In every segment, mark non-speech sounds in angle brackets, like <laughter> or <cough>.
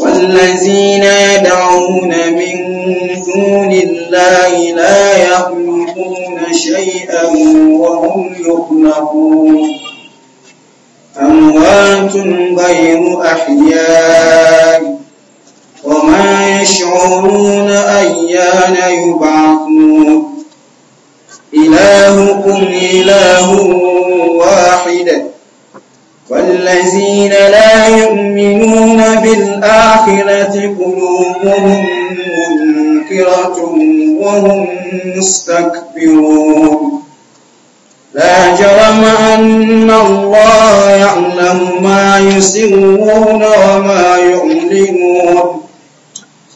والذين يدعون من دون الله لا يخلقون شيئا وهم يخلقون أموات غير أحياء وما يشعرون أيان يبعثون إلهكم إله واحد والذين لا يؤمنون بالآخرة قلوبهم منكرة وهم مستكبرون لا جرم أن الله يعلم ما يسرون وما يعلنون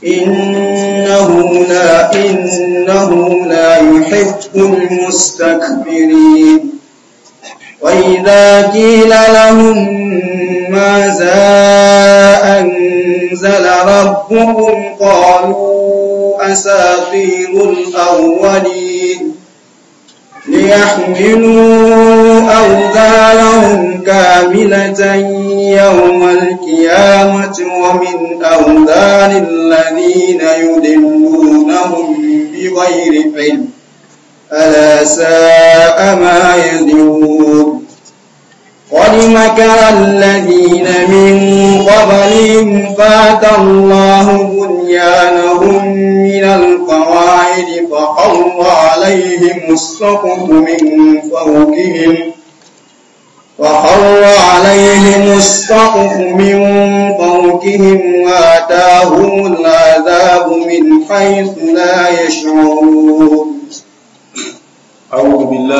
إنه لا إنه لا يحب المستكبرين وإذا قيل لهم ماذا أنزل ربكم قالوا أساطير الأولين ليحملوا أوزارهم كاملة يوم القيامة ومن أوزار الذين يدلونهم بغير علم ألا ساء ما يدعون قد مكر الذين من قبلهم فات الله بنيانهم من القواعد فقر عليهم السقط من فوقهم فخر عليهم السقف من فوقهم واتاهم العذاب من حيث لا يشعرون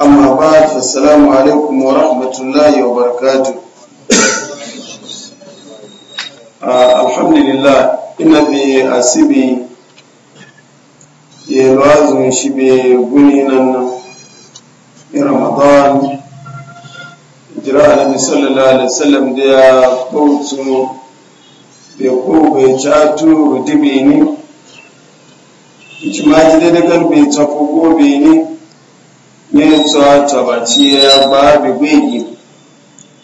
amma ba ta salamu alaikum wa rahmatullahi wa barakatu alhamdulillah ina bi asibi ya lwazin shi bi guni nan nan in ramadan jira alaihi sallallahu alaihi wasallam da ya kautu bai ko bai catu dibi ne jima'i daidai karfe ta ko bai ne nínú tó a ya ba bi gwegi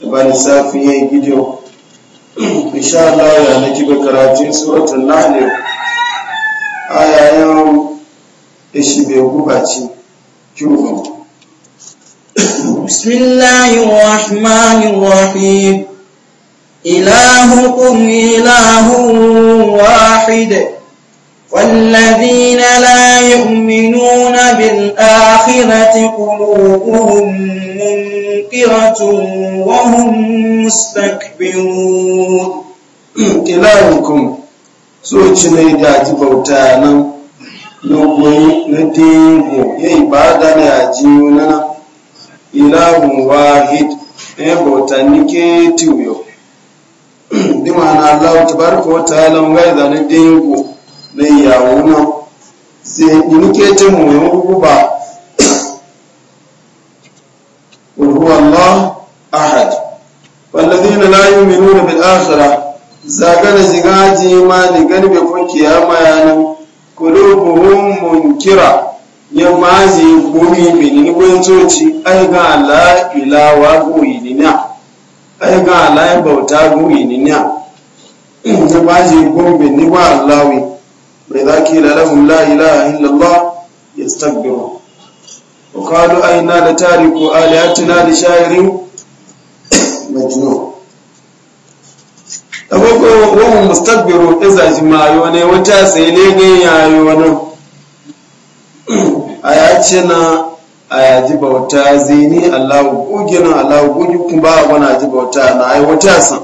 da ba lissafi ya yi gidiyo insha Allah ya na kiba karatun suratul nahl aya yau ishi rahim والذين لا يؤمنون بالآخرة قلوبهم منكرة وهم مستكبرون كلامكم سوچنا داتي بوتانا نقوي ندينه يبادا نعجينا إله واحد يبوتاني كيتيو دي معنى الله تبارك وتعالى مغايدا ندينه na ìyàwó náà ṣe ìníkéjì mùmí wọn kúkú bá òhùwàlá ahad wàlẹ́dínà láyé mìíràn rẹ̀ bí áṣàrà zagana zigaji ma ni gani bai funke ya kulubuhum munkira ya maji guri benin gwancoci ai ga ala ilawa goyi ai ga ala bauta goyi nina ta maji guri benin wa alawi فإذا كيل لهم لا إله إلا الله يستكبروا وقالوا أين لتارك آلهتنا لشاعر مجنون agogo wahun mustaqbiru iza jimayo ne wata sai lege wani. A ya ce na aya ji bauta zini Allah goge nan allahu kuma ba wani ji bauta na ai wata san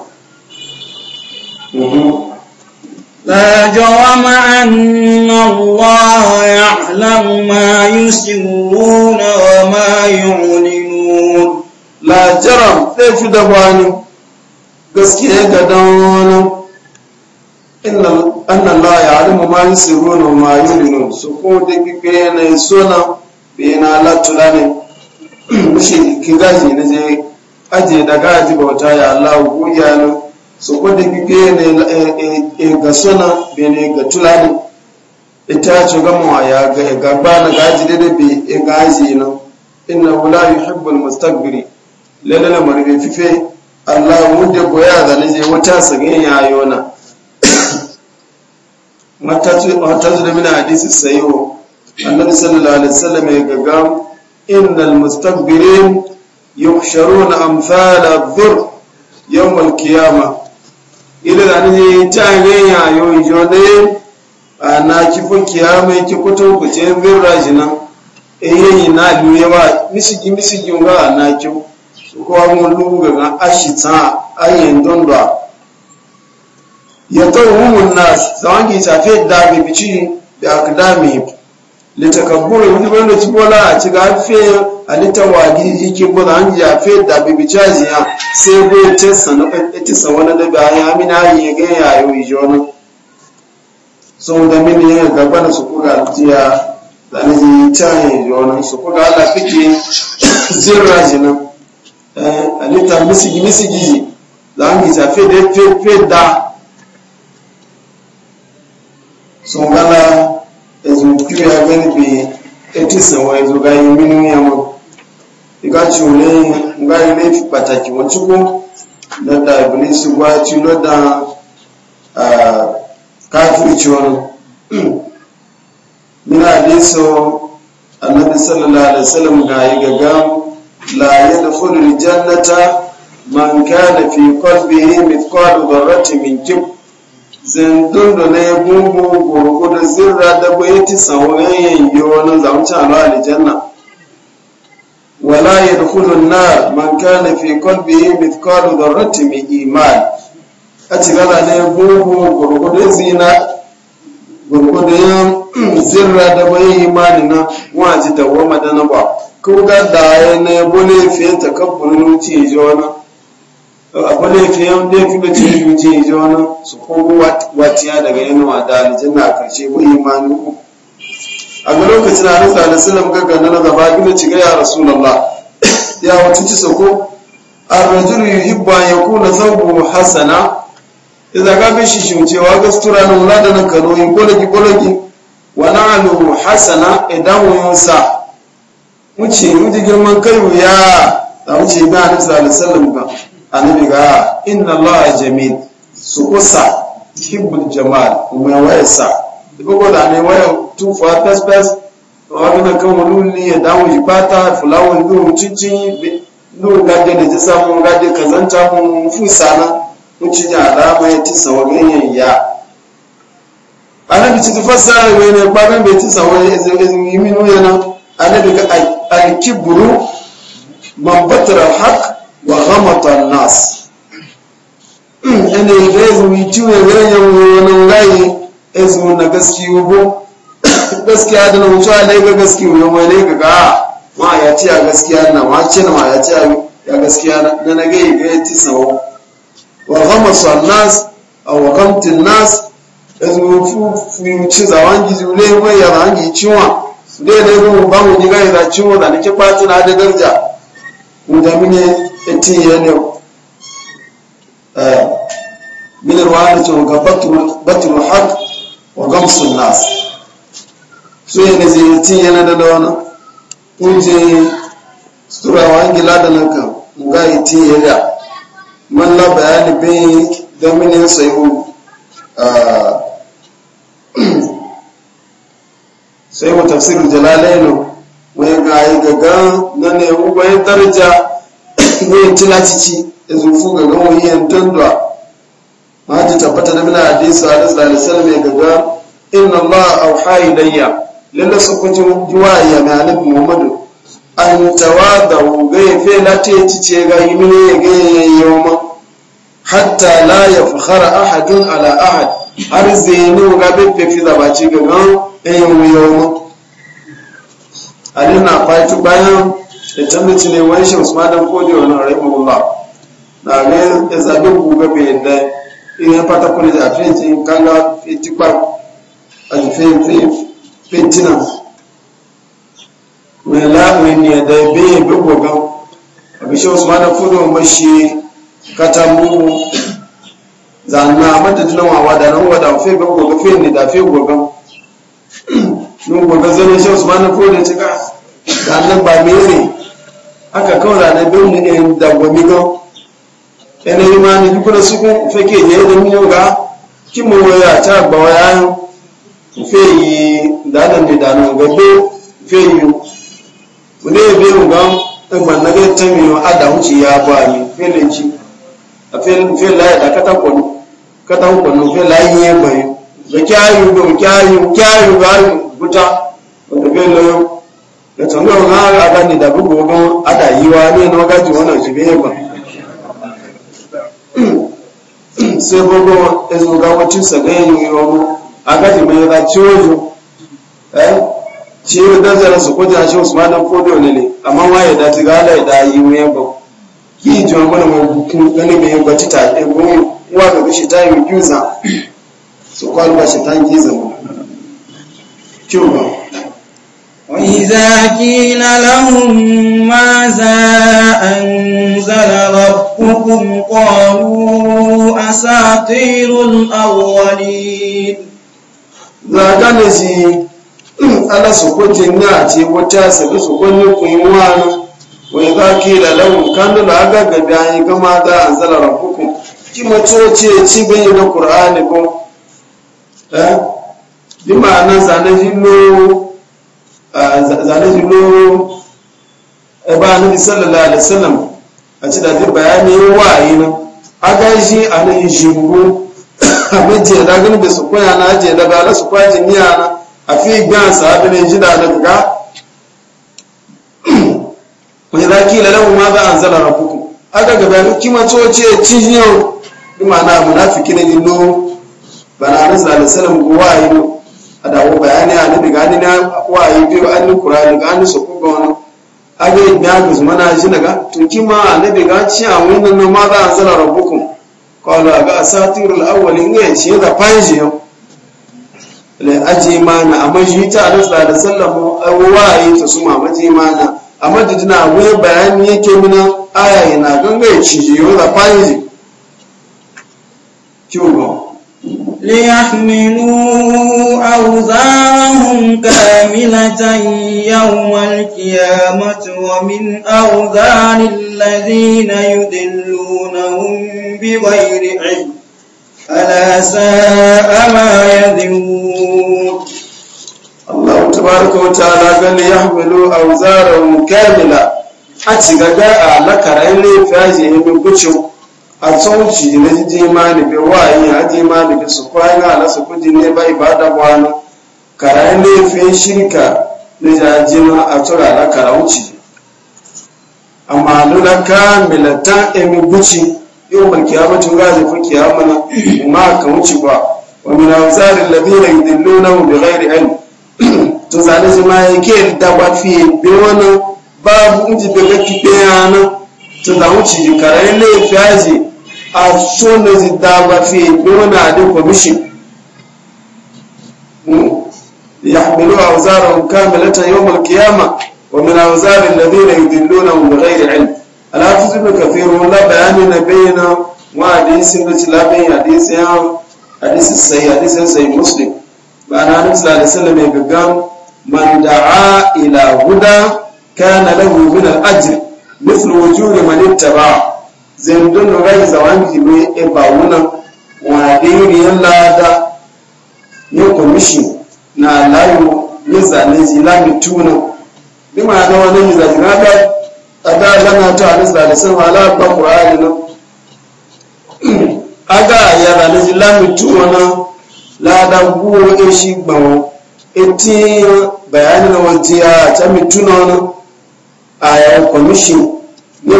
لا جرم أن الله يعلم ما يسرون وما يعلنون لا جرم تفي دواني gaskiya ga dan wani an Allah ya alimu ma yi siru na ma yi rinu su ko da na latula ne mishi kin gaji na je aje da gaji bauta ya Allah ko iyalin so ko da kike ne e ga sona be ne ga tulani ita ce ga mu ya ga ga ba na gaji da be e gaji na inna wala yuhibbul mustakbiri lalla na marbe fife Allah wanda boya da ne wata mata ce na matatu da mina hadisi sayo annabi sallallahu alaihi wasallam ya gaga innal mustakbirin yuhsharuna amsala dhur yawm al-qiyamah ile da ni ta ganya yo jo ne ana kifo kiyama kikuto ku ce birra jina na luye wa misigi misigi nga na kyo ko awon lu ga ga ashita ayen dondwa yatawu nas zawangi tafe da bibici da akadami litakabbur ni bola chibola chiga fe alita wagi yiki bola ya fe da bibi chaji ya sai go sanu na tesa wala da ba ya mina ga ya yo jona so da mini ya da bana su kuga tiya da ni ta jona su kula ala fiki zira jina eh alita misigi misigi da an ya fe da fe fe da so gana ju kiwa gani bi etisa wa zo ga minu ya mo iga ju le nga ile fi wa ti annabi <clears throat> sallallahu alaihi wasallam ga yi gaga la man kana fi min zindundo na ya gurgu gurgudu zirra da bai ti sauran yanyi wani zamuci a rawa aljanna wala ya dukulu na man kana fi kolbi da rati mai iman a cigala na ya gurgu da zina gurgudu yin zirra da bai imani na waji dawwama da na ba Kuka da ya na ya bune fiye takabburin wuce ji wani abule ke yau da kuma ce ya ji wani su kogo watiya daga yanuwa da aljanna karshe ko imani ku a ga lokacin da Allah sallallahu alaihi wasallam na gaba gina ci ga ya rasulullah ya wata ci sako ar-rajulu yuhibbu an yakuna thawbuhu hasana idza ka bi shi sutura gastura nan da nan kano yi kologi kologi wa na'alu hasana idan wunsa mu ji girman kai wuya. ta wuce ga Annabi sallallahu alaihi wasallam ba annabi ga inna allaha jamil su kusa hibbul jamal sa wayarsa go da ne wayar tufa tas wani na kan wani ne ya dawo yi fata fulawar duhun cici duhun gaje da ji samun gaje ka zanta mun fusa na wuce ji alama ya ci sawa ya annabi ci tufasa ne ne kwanan bai ci sawa ya izin yi minu yana annabi ka alkiburu batara haka wa ghamata nas mm, ene rezu yitiwe reya wonan gayi ezu na gaskiyo <coughs> bo gaskiya da na mutu alai ga gaskiyo yo mai ga ga ah, ma ya a gaskiya na ma ce na ma ya ci gaskiya na na gayi ga ti sawo wa ghamata nas aw ghamta nas ezu fu fu ci zawangi zule mai ya rangi ciwa dai dai go ba mu ciwo da nake da darja mu eti yene eh min ruwani to ga batru batru haq wa gamsu nas so yene zai eti yene da dawana kunje sura wangila da nan ka ga eti yene man la bayani bin dominin sayu eh, <clears throat> sai wa tafsirul jalalainu wai ga yi gaga na ne ubayin daraja. ne tila cici da zufu ga gawon yin tundwa ma ji tabbata da mina hadisi a nasa da salmai gaga inna allah auha ilayya lalle su kun ji mai annabi muhammadu an tawada ga fe ya ga ya hatta la ya ahadun ala ahad har zeni ga fi zabaci ga gawon yin alina fatu bayan idan da cile wani shi madan kodi wani rahimahullah na ne ya zabi gobe bai yadda in ya fata kuri da finci kanga fitikpa a jifin fitina mai la'amin ne da bai bi gogan abin shi usmanin kodi wani mashi katamu zanna mata tilawa wa da nan wada fi ba goga fe ne da fi goga nun goga zane shi usman ko da cika da nan ba mere aka kaura na biyu ne ne da gomigo ene imani dukuna suku feke je da miyo ga kimo ya ta ba waya fe yi da da ne da nan gobe fe yi mune be mu ga ɗan na ga ta miyo ada wuce ya ba ni fe ne ci a fe fe la da kata ko kata ko fe la yi ba yi da kyayu da kyayu kyayu ga guta wanda be lo ẹ̀tọ́ náà máa rà ni ní ìdàbùgbò gan adàyíwá ní ẹnu ọgájì wọn náà jù bí ẹ̀gbọ́n ṣé gbogbo ẹ̀sùn gáwọn tí sẹ̀gẹ́ ẹ̀yìn ọmọ agájì mẹ́ra tí ó yọ ẹ́ tí ó dájẹ́ ẹ̀sùn kó jẹ́ aṣọ òṣùmánà kódò nílé àmọ́ wá ẹ̀dá ti rálẹ̀ ẹ̀dá ayíwé ẹ̀gbọ́n kí ìjọ ọgbọ́n wọn bùkún ẹni mi ẹ̀gbọ́n títà ẹ̀gbọ́n wà lóbi ṣe táyì rí jù zà sọkọ́ وإذا كيل لهم ماذا أنزل ربكم قالوا أساطير الأولين lagana ji ala sokote na ce wata sabi sokoni kunwani wani za ki lalawun kanu da aga gabi an yi gama da an zara rafukun ki mato ce ci na ƙur'ani ko bi zane jilo eh, ba annabi sallallahu alaihi wasallam a ci da duk bayani wayi na aga shi anan shingo <coughs> amma je da gani da su koya na je da bala su kwaji niya na a fi gban sahabi ne da nan ga <coughs> wani zaki la lahu ma za anzala rabbukum aga ga bayani kima coce ci yau bi ma'ana munafiki ne dillo bana annabi sallallahu alaihi wasallam na. adawo bayani a nabi gani na wa yi biyu an ni kurani gani su ko gona age biya ga zuma na ji tunki to kima annabi ga ci a wannan nan ma za a tsara rabbukum qala ga asatirul awwalin ya ce da fanji yau le aje mana amma shi ta da sallallahu alaihi wasallam yi ta suma maji mana amma da dina wani bayani yake mina aya yana ganga ya ci yau da fanji kiwo ليحملوا أوزارهم كاملة يوم القيامة ومن أوزار الذين يدلونهم بغير علم ألا ساء ما يذرون الله تبارك وتعالى قال ليحملوا أوزارهم كاملة حتى قال لك رأيني فاجئ من كتشوك a tsawuci na ji mani bi wayi a ji mani bi su kwayi na ala su kuji ne ba ibada wani karayen fi shirka na jajima a tura na karawuci amma lula kamilatan emi buci yau ba mai kiyamacin gaji fi kiyamana ma ka wuce ba wa min awzarin ladina yudilluna bi ghairi ilm tun zane ji ma ya yake da ba fi bi wani babu inji daga kibe yana to da wuce ya fi laifin a so zita a da kwamishin ya hamilu a wazarar kamilatan yau malkiyama wa min a wazarar da zai yi dillona wa da ilm alhafizu da kafiru la bayani na bayyana wa hadisi muslim ba na mai gaggan man ila huda kana da min al-ajr مثل وجود من اتبعه zendun rai zawan jibe e ba wunan wa diriyar lada ni komishin na layo ne zane zila mituna bi ma na wani zila zila da ada lana ta hadis da sun wala ba qur'ani no aga ya zane zila mituna lada guwo e shi gbawo eti bayani na wanti ya ta mituna na a komishin ni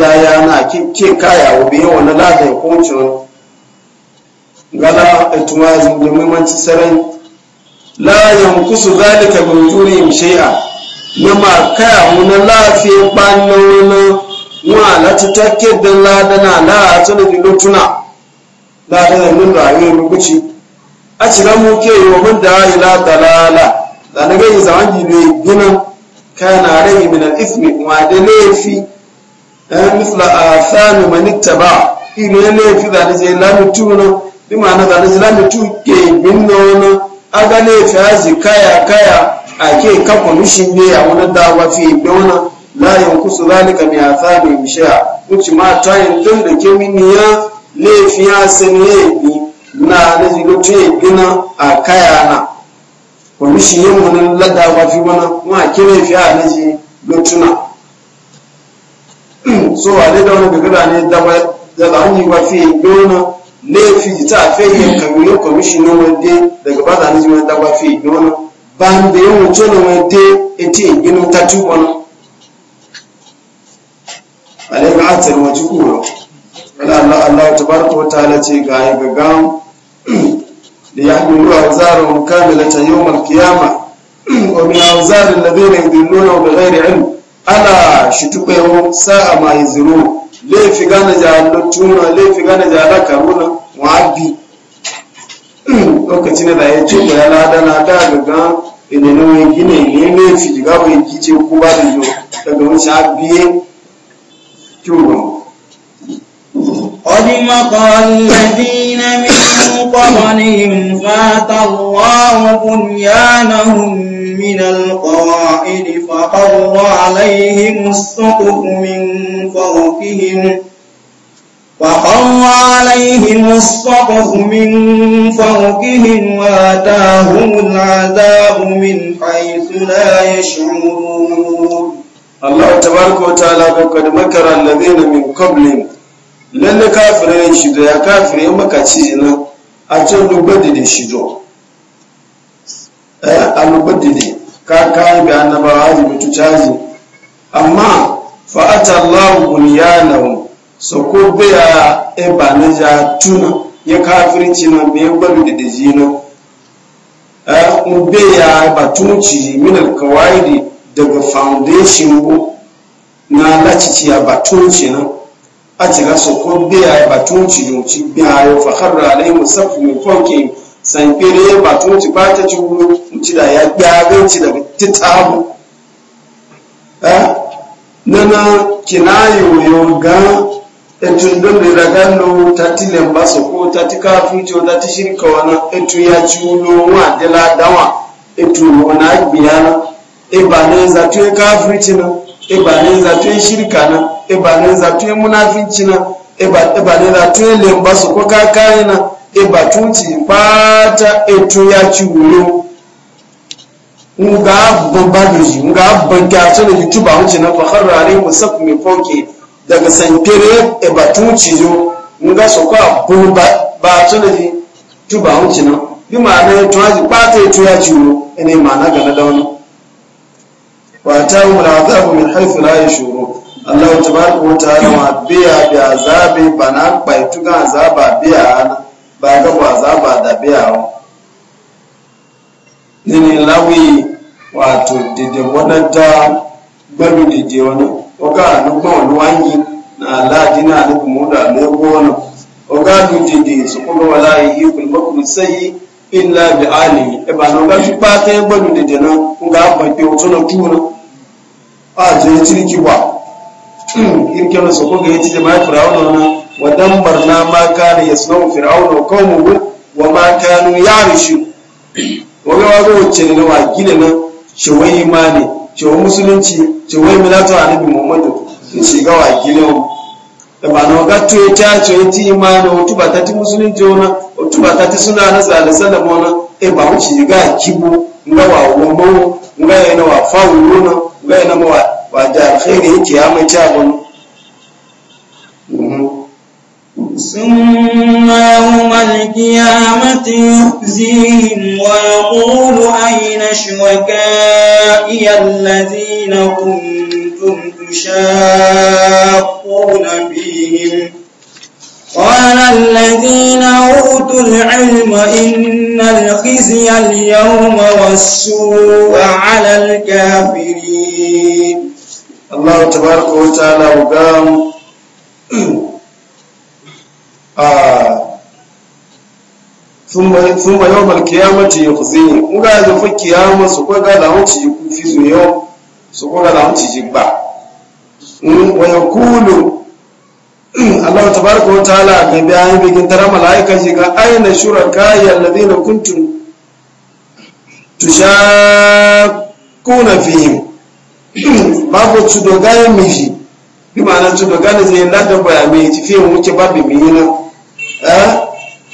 ya yaya na ke kaya wa biyan wani ladan ya kuma ciro gala a tuma da muhimmanci sarai la kusu zalika min dunihim shay'a ma kaya wani lafiya bannan wani wa la take da ladana la tana bi lutuna la nan da rayuwa rubuci. a cira mu ke yi wa mun da ila dalala da na gani zaman gibe ginin kana rai min al-ithmi wa da laifi Eh, misla a ah, sami manitta ba iri ya laifi da ni zai lami tuna bi ma'ana da ni lami tuke bin na aga laifi haji kaya kaya a ke kafa ne a wani dawa fi bi wani layin kusu zalika mai hata mai mishiya wuce ma ta yin da ke miniya ya sani ya na na zai tuye gina a kaya na kwamishin yin wani ladawa naji lotuna so ale da wani gagara ne da lahani wa fi ne laifi ta fe yin kabiru kwamishina wande daga ba ni ji da wa fi dona ba da yin wuce e na wande eti igino ta tubon ale ga atar waje kuro Wani allah allah tabaraka wa ta'ala ce ga ya gaga da ya hamilu ruwa zarar kamilata yau kiyama wa min awzar alladhina yudilluna bi ghairi ilm ala shutukwe mu sa'a ma yizuru lefi gana jalotuna lefi gana jalakaruna wabi lokacin hmm, da ya ce ya lada na ta gaga ina ne wani gine ne ne fi diga wani gice ko ba da yo daga wani shabiye kyuwa قد مكر الذين من قبلهم الله بنيانهم من القواعد فقر عليهم السقف من فوقهم فقر عليهم السقف من فوقهم وآتاهم العذاب من حيث لا يشعرون الله تبارك وتعالى وقد مكر الذين من قبلهم lalle kafirai shido ya kafirai makaci na a can lugbadi da shido a lugbadi ka kayi ga annabawa ji mutu caji amma fa'ata Allah bunyanahum so ko biya e ba na tuna ya kafirci na me gbalu da daji na eh mu biya batunci min da daga foundation ko na lacici ya batunci na a cika so ko biya batunci yo ci biya yau fa harra alaihi musaffu min ke. sankiri ba tun ci ba ta ci wuro ci da ya gyaran ci daga titabu nana kinayo yoga etun don da daga no tati ne ba so ko tati kafin ci na shirka wana etu ya ci wuro wa dawa etu wana biyana e ba ne za tu kafin ci na e ba ne za tu shirka na e ba ne za tu munafici na e ba ne za tu so ko na eba tuti pata etu ya ciwuro nga babba da nga banka su da youtube a wuce na fahar rare musaf mai fauke daga sankere eba tuti yo nga so kwa babba ba su da youtube a wuce na bi ma'ana ya tuwa ji pata etu ya ciwuro ina ima ga na dauna wa ta yi mula'azabu min haifu la ya shuru Allah ta wa ta'ala wa biya bi azabi bana baitu azaba biya ana ba ga waza ba da biyawa nini lawi wato dede wani ta gbalu dede wani oga alugba na aladi na alugumu da alugu oga alu dede su kuma wala yi kulmakul sayi illa bi ali na na otu na <clears throat> wa dambarna ma kana yasnau fir'auna wa qaumuhu wa ma kanu ya'rishu wani wazo wacce ne na wakili na shawai imani shawai musulunci shawai milatu annabi muhammadu in shiga wakili wa da ba na wagatto ti imani wato ba ta ti musulunci wana ba ta ti suna na zalisala wana shiga kibo nga wa wamo nga yana nga yana ثم يوم القيامة يخزيهم ويقول أين شركائي الذين كنتم تشاقون فيهم قال الذين أوتوا العلم إن الخزي اليوم والسوء على الكافرين الله تبارك وتعالى وقام sun ba yawon kiyamati ya kuzi ne nga ya zafi kiyama su kwa gada wuce ya kufi su yau su kwa gada wuce ya ba wa ya kulu Allah ta baraka wa ta'ala ga bi ayi bigin tara malaika shi ga aina shuraka ya alladhina kuntum tushakuna fihim babu tudogaye miji bi ma'ana tudogaye zai ladan bayani ci fiye muke babu miyina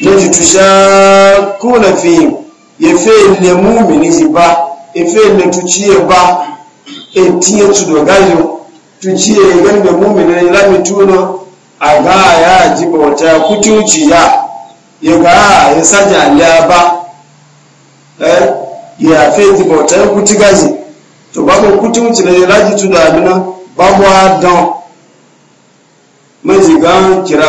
lẹ́jù tó kúrò fi efe ilẹ̀ mú mi ní ti bá efe ilẹ̀ tó ṣí ẹ bá etí ètò dọ̀gá yìí tó gẹ́gẹ́ mú mi ní lámì túnú àgá àyà àjíbọ̀ ọ̀tá kútú jìyà yẹ̀gá àyè sájà abá yẹ̀ ìdìbọ̀ ọ̀tá tó bá bá wá dán mẹ́jì kìrà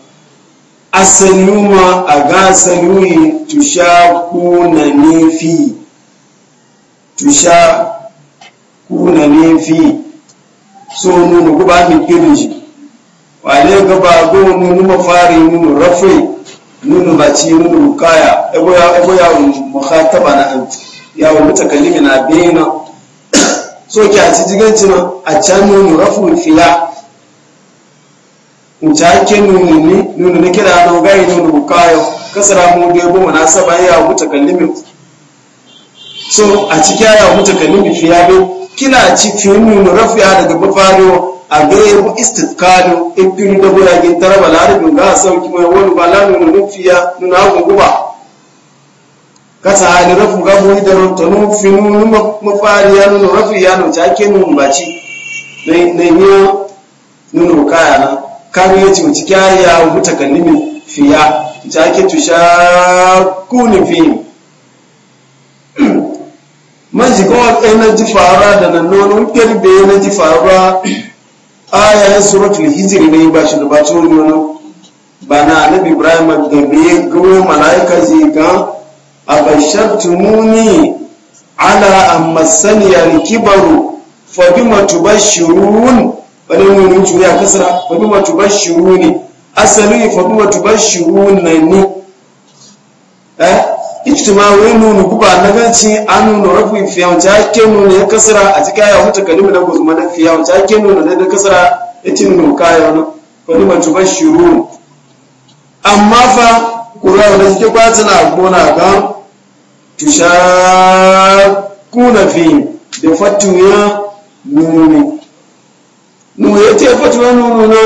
asaluma a gasalui tusha kuna nefi tusha kuna nefi so nuna guba ni kirin shi wane gaba go fari mafari nunu rafi nunu baci nunu kaya ego ya makhataba na ya mutakallimi na bina so ki a ci jigancin a can nunu rafi fila mutu ake nuna ne nuna na kira na gayi nuna bukayo kasara mu da yabo na saba ya ta kallimi so a cikin ya ta kallimi fiya be kila ci fi nuna rafiya daga bafaro a ga yabo istiqalu ibn da gura gin taraba larabin ga sauki mai wani ba lanu nuna fiya nuna hu guba kasa hali rafu ga mu da rotonu fi nuna mafariya nuna rafiya no ta ke nuna baci ne ne nuna bukaya na kan ya ci wuci kyaya wuta kallimin fiya jake tusha kuni fi <clears throat> man ji kawai na ji fara da nan nono kirbe na ji fara ayayen suratul hijiri ne ba shi da ba cikin nono ba na ibrahim da biye gawo mala'ika ji ga a bashar tumuni ala amma saniyar kibaru fa bima tubashirun wani nunu juya kasara fadu ma tuba shiru ne asali fa ma tuba shiru na ni eh ijtima wai nunu guba na ganci an nunu rafi fiyawanci ake nunu ya kasara a cikin ya huta kalimu na guzuma na fiyawanci ake nunu da kasara ya ci nunu kaya wani fadu ma tuba shiru amma fa kura wani cikin kwatina gona gan tushakuna fi da fatuya nunu wuce fatu wani nuna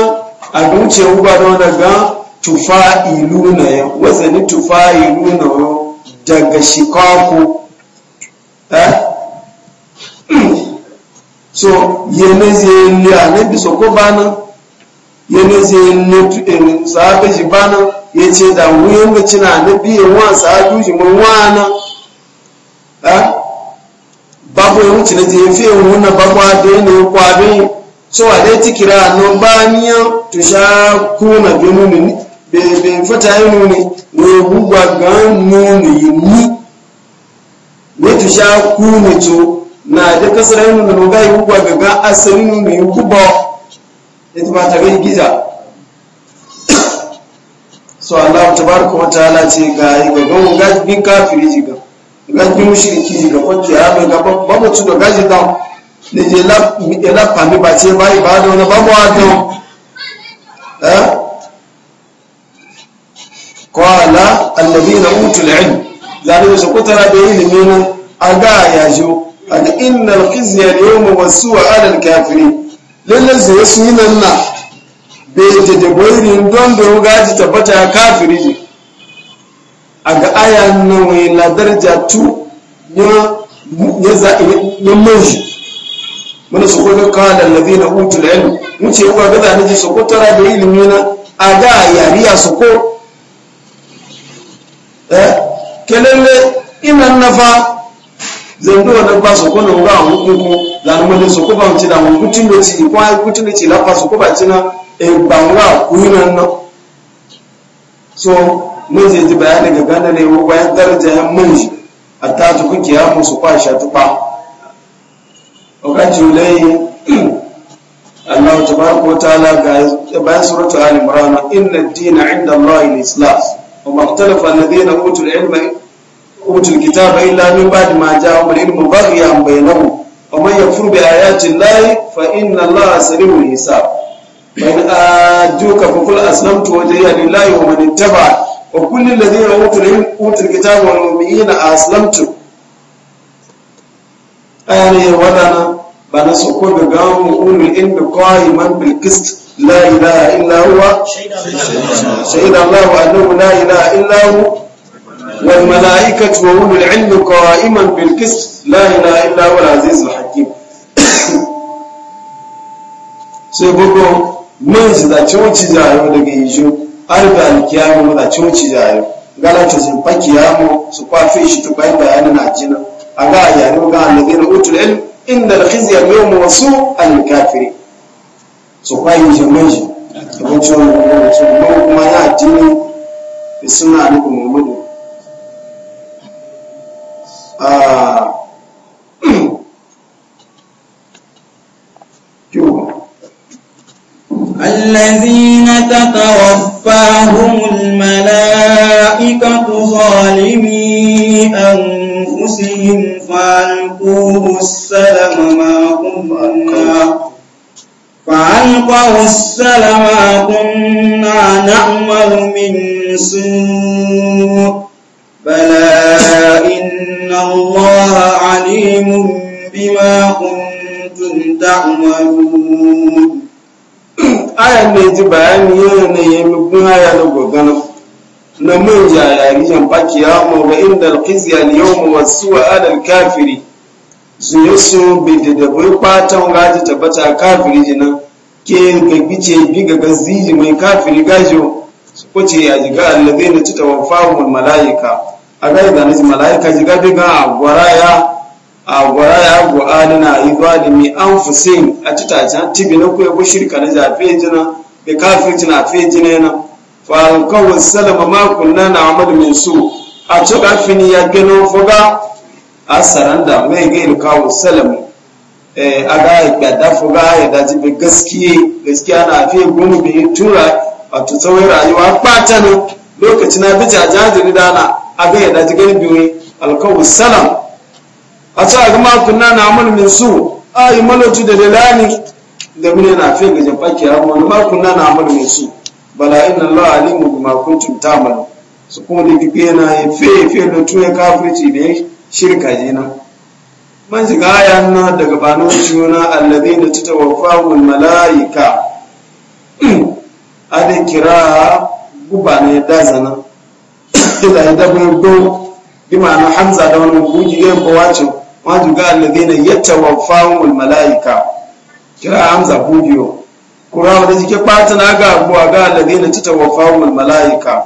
a wuce ba da wani ga tufa'ilu na ya wazani tufa'ilu na ya daga shikaku eh <clears throat> so yene zai ne anabi soko bana yene zai ne eh, sahabe shi bana ya ce da wuyan ga cina na ya wa sahabu shi mun wana eh babu ya wuce na je fiye wuna babu a da yanayin kwabin so dai ti kira non ba miyo to sha kuna be ne be be fata yi nuni we bugwa ga nuni ni ne to sha kuna to na da kasar yi nuni ga yi bugwa ga ga asali yi kubo ne ta mata ga giza so Allah bar kuma ta ce ga yi ga gon ga bin kafiri ji ga ga bin mushriki ga ko ki ga ba ba mutu ga da ne je la pami ba ce ba ibada wani ba wa don eh mutu alladhina utul ilm zalim su kutara da ilimi a aga ya jo aga innal khizya al-yawma wasu'a 'ala al-kafirin lalle su yasu nan na bai da boirin don da gaji tabbata kafiri ne aga aya nan wai la daraja tu ya za mana su kuka na utul ilm mun ce uwa ga zani ji su ko tara da ilimi na a da yariya su ko eh kelele ina nafa zendo na ba su ko hukun ko la su ko ba mun da mun da ci ko ai kutin da ci su ko ba ci na e ba wa so mun ji ga ne bayan ya mun shi tukun su wakati <clears throat> ulai wa ta'ala ga bayan suratul ali imran inna ad-dina 'inda Allah al-islam wa ma ikhtalafa alladhina utul ilma utul bana soko ga gawo mu'minul inda qa'iman bil qist la ilaha illa huwa shahida Allah wa annahu la ilaha illa huwa wal malaikatu wa ulul ilmi qa'iman bil qist la ilaha illa huwa al azizul hakim sai gogo mun ji da coci jayo daga yijo arba alkiyamu da coci jayo galata sun fa kiyamu su kwafe shi ta bayan bayanin ajina a ga yaro ga alladhina utul ilm إن الخزي اليوم وسوء الكافرين. سوقي جميجي ما يأتيني في السنة عليكم آه. <clears throat> ومدو الذين تتوفاهم الملائكة ظالمي أنفسهم فألقوه السلم ما كنا فألقوا السلم ما كنا نعمل من سوء بلى إن الله عليم بما كنتم تعملون آية نجيب آية نجيب آية نجيب آية نجيب na manja yariyan bakiya mu ga inda alqizya al-yawm wa su'a al-kafiri su yasu bi da bai patan gaji tabbata kafiri jinan ke ga bice bi ga gaziji mai kafiri gajo su kwace ya jiga alladaina tatawaffahum malaika a ga da nisi malaika jiga bi ga gwaraya a gwaraya go alina yi zalimi anfusin a titacen tibi na kuwa shirka na jafe jina da kafirci na fe jina fahimkawar salama makunna na amadu min su a cika fini ya gano fuga a saranda mai gairi kawo salama e, a ga ikada fuga ya daji bi gaskiye gaskiya na fi gumi bi tura a tutsawai rayuwa ɓata ne lokacin na bi jajajiri dana a ga ya daji gani biyu alkawar salam a cika ga makunna na amadu min su a yi malotu da dalani da mune na fi gajen fakiyar wani makunna na amadu min su bala inna Allah alimu bima kuntum ta'malu su kuma da kike na fe fe da tuwe kafirci da shirka jina man shiga ayan na daga banu shuna alladhina tatawaffahu almalaika <clears throat> ade kira guba ne dazana da ida bu go bi ma'ana hamza da wani buji ya ko wace waju ga alladhina yatawaffahum almalaika kira hamza gujiyo kurawa da jike patina ga abuwa ga alladina tatawaffahumul malaika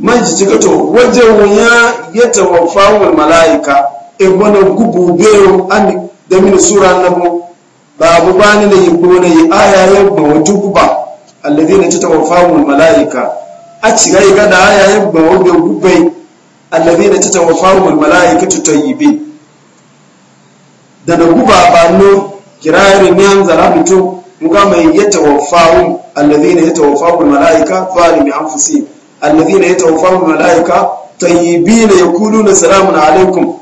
man ji cika to waje wunya ya tawaffahumul malaika in e gwana gubu beyo an da min sura nabu babu bani da yi gona yi aya ya ba wata guba alladina tatawaffahumul malaika a ga yi gada aya ya ba wata gubai alladina tatawaffahumul malaika bi. da na guba ba no kirarin yan zara mutum muga mai yatawaffahum alladhina yatawaffahum almalaika zalimi anfusihim alladhina yatawaffahum almalaika tayyibina yaquluna salamun alaikum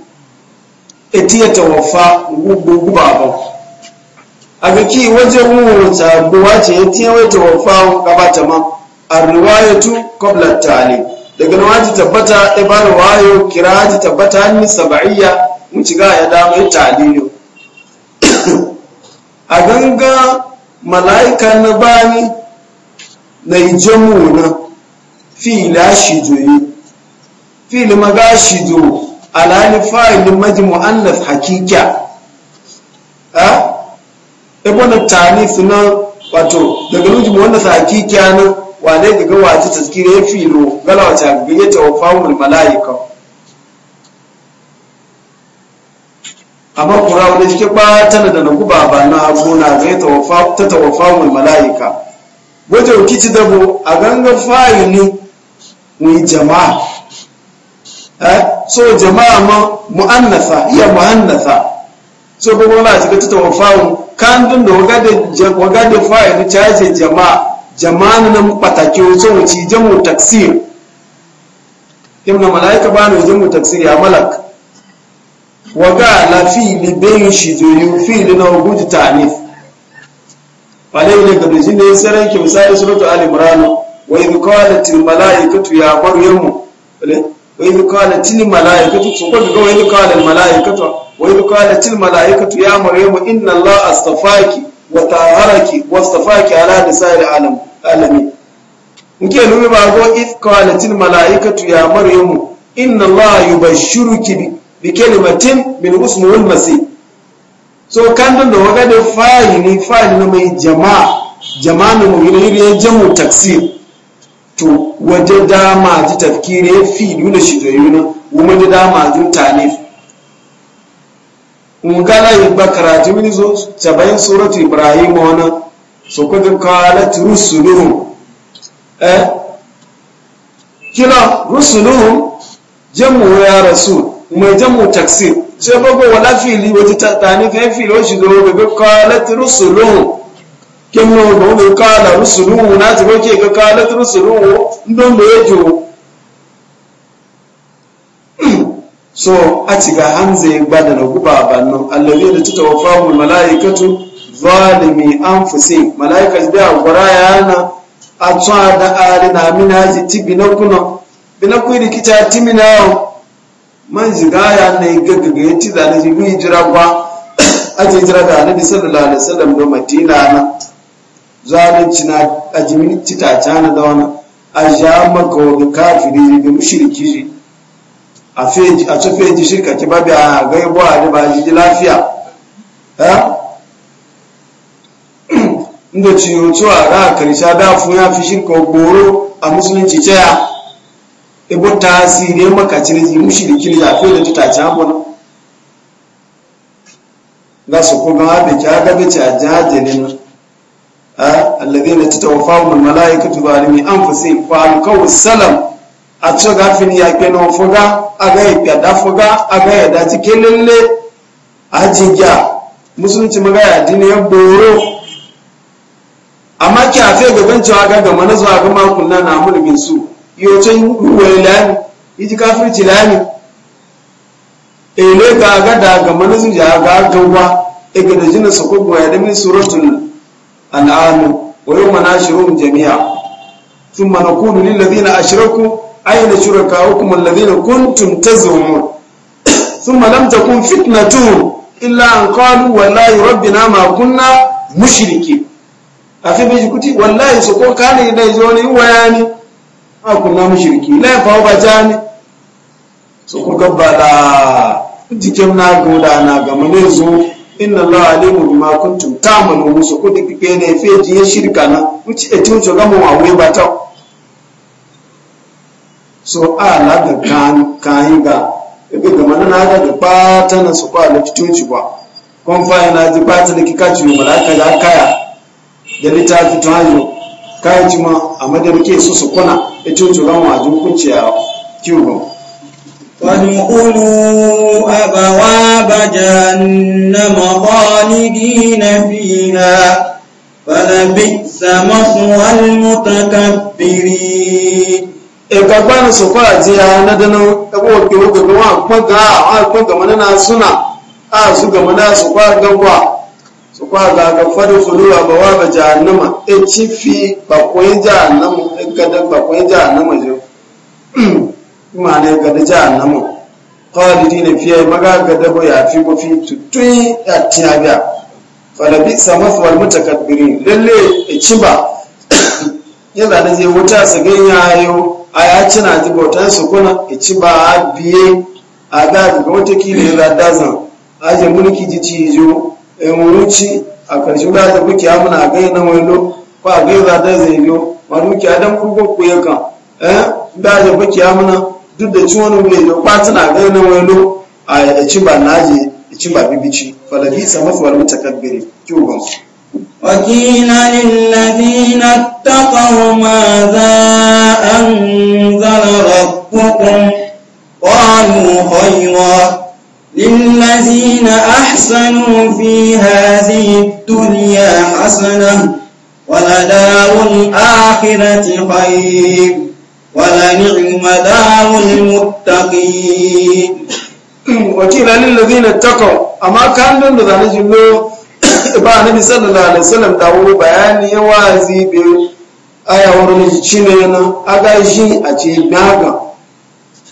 eti yatawaffa gugu baba agaki waje wuta buwace eti yatawaffahum kabata ma arriwayatu qabla at-ta'lim daga nawaji tabbata ibar e wayo kiraji tabbata hanni sab'iyya mun shiga ya dama ta'lilu <coughs> a ganga malaika na bani na ijamu shidoye fi'il ashidoyi fi'il shido alhali fa'ili maji mu'annas hakika ha ibn tanif na wato daga nuji mu'annas hakika na wane daga wata tazkira ya filo galawa ta gayyata wa fa'ul malaika amma kura wani cikin batana da na guba ba na gona eh, ga ta tawafa mai mala'ika wajen rikici dabo a ganga fayini mai jama'a so jama'a ma mu'annasa iya mu'annasa so kuma wani a cikin ta tawafa kan dun da wagadin fayini caje jama'a jama'a na nan pataki wajen wuce jamu taksir ibn mala'ika ba na wajen mu taksir ya malak وقال في لبين شيء شذوي لنا وجود تعنيف فلي لك جن يسرك مثال سورة آل عمران وإذ قالت الملائكة يا مريم وإذ قالت الملائكة سبحانك وإذ قال الملائكة وإذ قالت الملائكة يا مريم إن الله اصطفاك وطهرك واصطفاك على نساء العالم العالمين nke lura ba go if qalatil malaikatu ya maryamu inna Allah yubashshiruki bikelimatin min min wal masih so kando da waga da fa'ili fa'ili mai jama'a jama'a mu yi ne jamu taksir to waje dama ji tafkire fi dole shi da yuna kuma da dama ji tanif mun gala yi bakaratu min zo tabayin suratu ibrahim wana so ko da qalat rusuluhum eh kila rusuluhum jamu ya rasul mai jamu taksir sai bago wala fili wata tattani kan fili wa shi zo ga qalat rusuluhu kin no go ga qala rusuluhu na ji ke ga qalat rusuluhu ndon da e <clears throat> yajo so a ci ga hamza ya gbada na guba bannan allazi da tuta wafahu malaikatu zalimi amfusi malaika da gwara yana a tsawa da ari na mina ji ti binakuna binakuni kita timina man na yi gaggaga ya ci zane ji mun jira kwa ce <coughs> jira da annabi sallallahu alaihi wasallam do madina na zalunci na ajimin cita cana da wani a ja maka wani kafiri ji da mushriki ji a feji ji shirka ki babi a gaibo a da ba ji lafiya ha inda ciyo tsuwa ga karsha da fun ya fi shirka goro a musulunci ta ya ibo maka ya makaci na ji kili ya fi da tutace hamuna ga su ko gama da kya gabe ci a ne na a allabe na tuta wa fawon mala'ika tu zalimi an fusi falu kawai salam a ci gafin ya ke na fuga a ga ya da fuga a ga ya da ci kelele a jigya musulunci magaya dini ya boro amma kyafe gaban cewa ga gama na zuwa ga makunan na mulkin su yoto ruwai lani iji kafirci lani ele eh, ga ga da ga manazin ya ga gawa e ga da jinin sako goya da min suratul an'am wa yawma nashurum jami'a thumma naqulu lil ladina ashraku ayna shurakaukum alladhina kuntum tazumun thumma lam takun fitnatuhum illa an qalu wallahi rabbina ma kunna mushriki afi bi kuti wallahi sako kane da zo ne wayani ma kunna mushriki la ya ba jani so ku da jikin na goda na ga mune zo inna allaha alimu bima kuntum ta'malu musu ku dike ne fe ji ya shirka na wuce e tun so ga mu awe ba ta so ala ga kan kai ga ebe ga mana na ga ba ta na su ba da fitoci ba kon fa yana ji ba ta da ka ci malaka da kaya da litafi ta hayo kai ji ma da madarke su su kuna ito turan wajen kuciya kiwo وادخلوا أبواب جهنم خالدين فيها فلبئس مثوى المتكبرين ìkagbáni sọ̀kọ́ àti anádánná ẹgbẹ́ òkè òkè wọn àpọ́gà àwọn àpọ́gàmọ́ná náà súnà àásùgàmọ́ná sọ̀kọ́ àgbàgbà su kwa ga ga fadu khuluwa bawa ba jahannama e cifi bakwai jahannama e gada bakwai jahannama je kuma hmm. ne gada jahannama khalidi ne fiye maga gada ba ya fi kofi tutun ya tiyabiya falabi samathwal mutakabbirin lalle e ciba <coughs> yana da je wuta su ganya ayo a ya ci na ji bautan su kuna ici e ba a biye a ga daga watakila ya zadazan aje mulki ji cijo Eh, muruci a ƙarshe ba ta kuke amina a gai na wailo ko a gai za ta zai biyo maruki adam kurgo ku ya kan eh da ta kuke amina duk da ci wani wule ba ta na gai na wailo a yada ci ba naje ci ba bibici falabi sa mafi wal mutakabbiri kiwo ban su وقيل للذين اتقوا ماذا أنزل ربكم قالوا خيرا للذين أحسنوا في هذه الدنيا حسنة ولدار الآخرة خير ولنعم دار المتقين وكيل للذين اتقوا أما كان للذين نجل ba a nabi sallallahu alaihi wasallam da wuri bayani ya wazi biyu aya wurin shi ne na aga a ce naga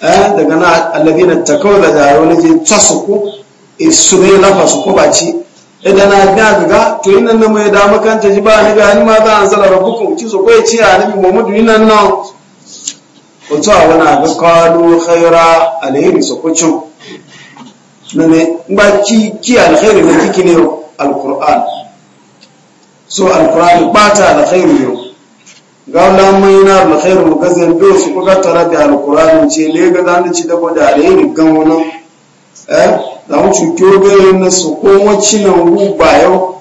Eh, daga na allazina takaw da jaro ne je tsasuku eh, su ne lafa su ko baci idan na ga ga to inna nan mai da makanta ji ba ni ga ni ma za an sala rabbukum ki so koyi ci nabi muhammadu inna nan ko to wana ga qalu khaira alayhi so na ne nane ba ki ki alkhairi ne kike ne alquran so alquran ba ta alkhairi yau ga lamun yana da khairu gazan do su kuka tara da alqur'ani ce le ga dan ci da bada alheri gan wannan eh da mu ci kyo ga na su ko wacce na wu bayo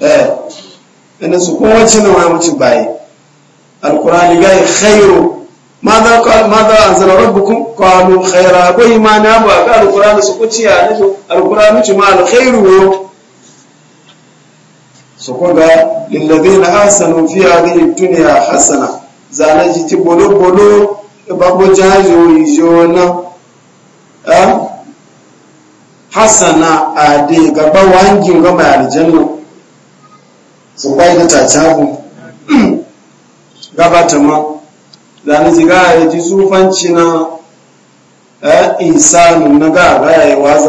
eh ina su ko wacce na wa mutu baye alqur'ani ga khairu ماذا قال ماذا انزل ربكم قالوا خيرا بما نابا قال القران سكوتيا القران ما الخير su kuga lillazina ahsanu fi hadhihi dunya hasana zana jiti bolo bolo e babo jajo yijona na hasana ade gaba wangin gama aljanna su kwai da Gaba gabata ma zane jiga ya ji sufanci na eh, insanu na ga ga ya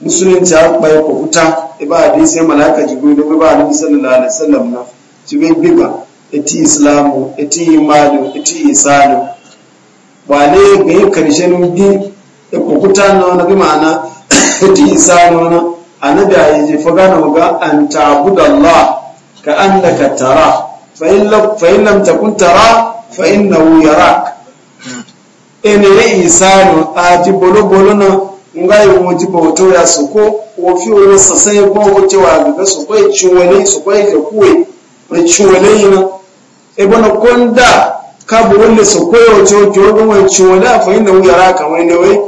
musulunci a kwai kwakuta ba hadisi malaka jibril ba annabi sallallahu alaihi wasallam na jibril biba eti islamu eti imanu eti isanu wale ga yi karshen bi da kukuta na wani bi ma'ana eti <coughs> isanu na annabi a yi faga na ga an da allah ka ka tara fa in ta kun tara fa innahu yarak ene isanu a ji bolo bolo na ngai yi wo jiba wato ya soko wo fi wo sasa ya gwa wo cewa daga soko ya ci wani soko ya ke kuwe na ci wani na e bana konda ka bu wanda soko ya wace wace wani wani ci wani a fahimta wuya raka wani ne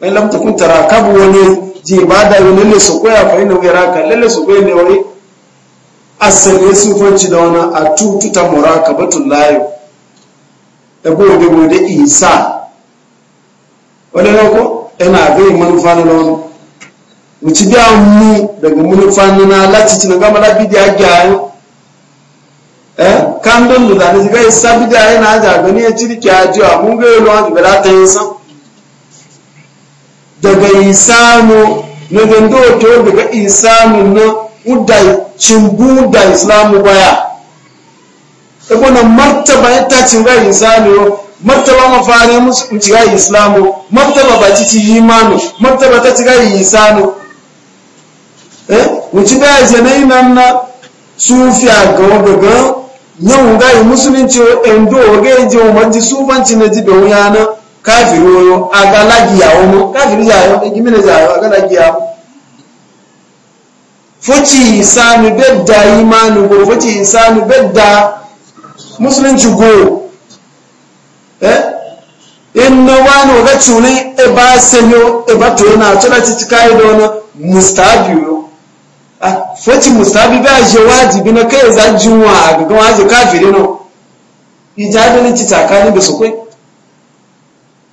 Mai lam ta kun tara ka bu wani ji ba da yi lalle soko ya fahimta wuya raka lalle soko ya ne wai asali ya ci da wani a tututa moraka batun layo da gode gode isa wani ko ina gai manufa na lawan mutu biya mu daga manufa na lati cina gama na da yaki ayo eh kan don da zane ga sa bida yana da gani ya cirki a mun ga lawan da gaba ta yi san daga isamu na gando to daga isamu na udai cimbu da islamu baya ta gwana martaba ya ta cin ga isamu martaba mafari mutigayi islamu martaba bacici imanu martaba ta cigayi isanu eh mutigayi janai nan na sufiya ga wagaga yau yi musulunci endo wagayi je umarji sufanci na ji da wuyana kafiru yo agalagi yawo mu kafiru yawo igimina yawo agalagi yawo fuci isanu bedda imanu go fuci isanu bedda musulunci go Eh? inna ga cunin e ba sanyo e na tsara ci kai da wani mustabi yo a ah, foti mustabi ba je wajibi na kai za jinwa ga ga waje kafiri no ijadalin ci takani da su fi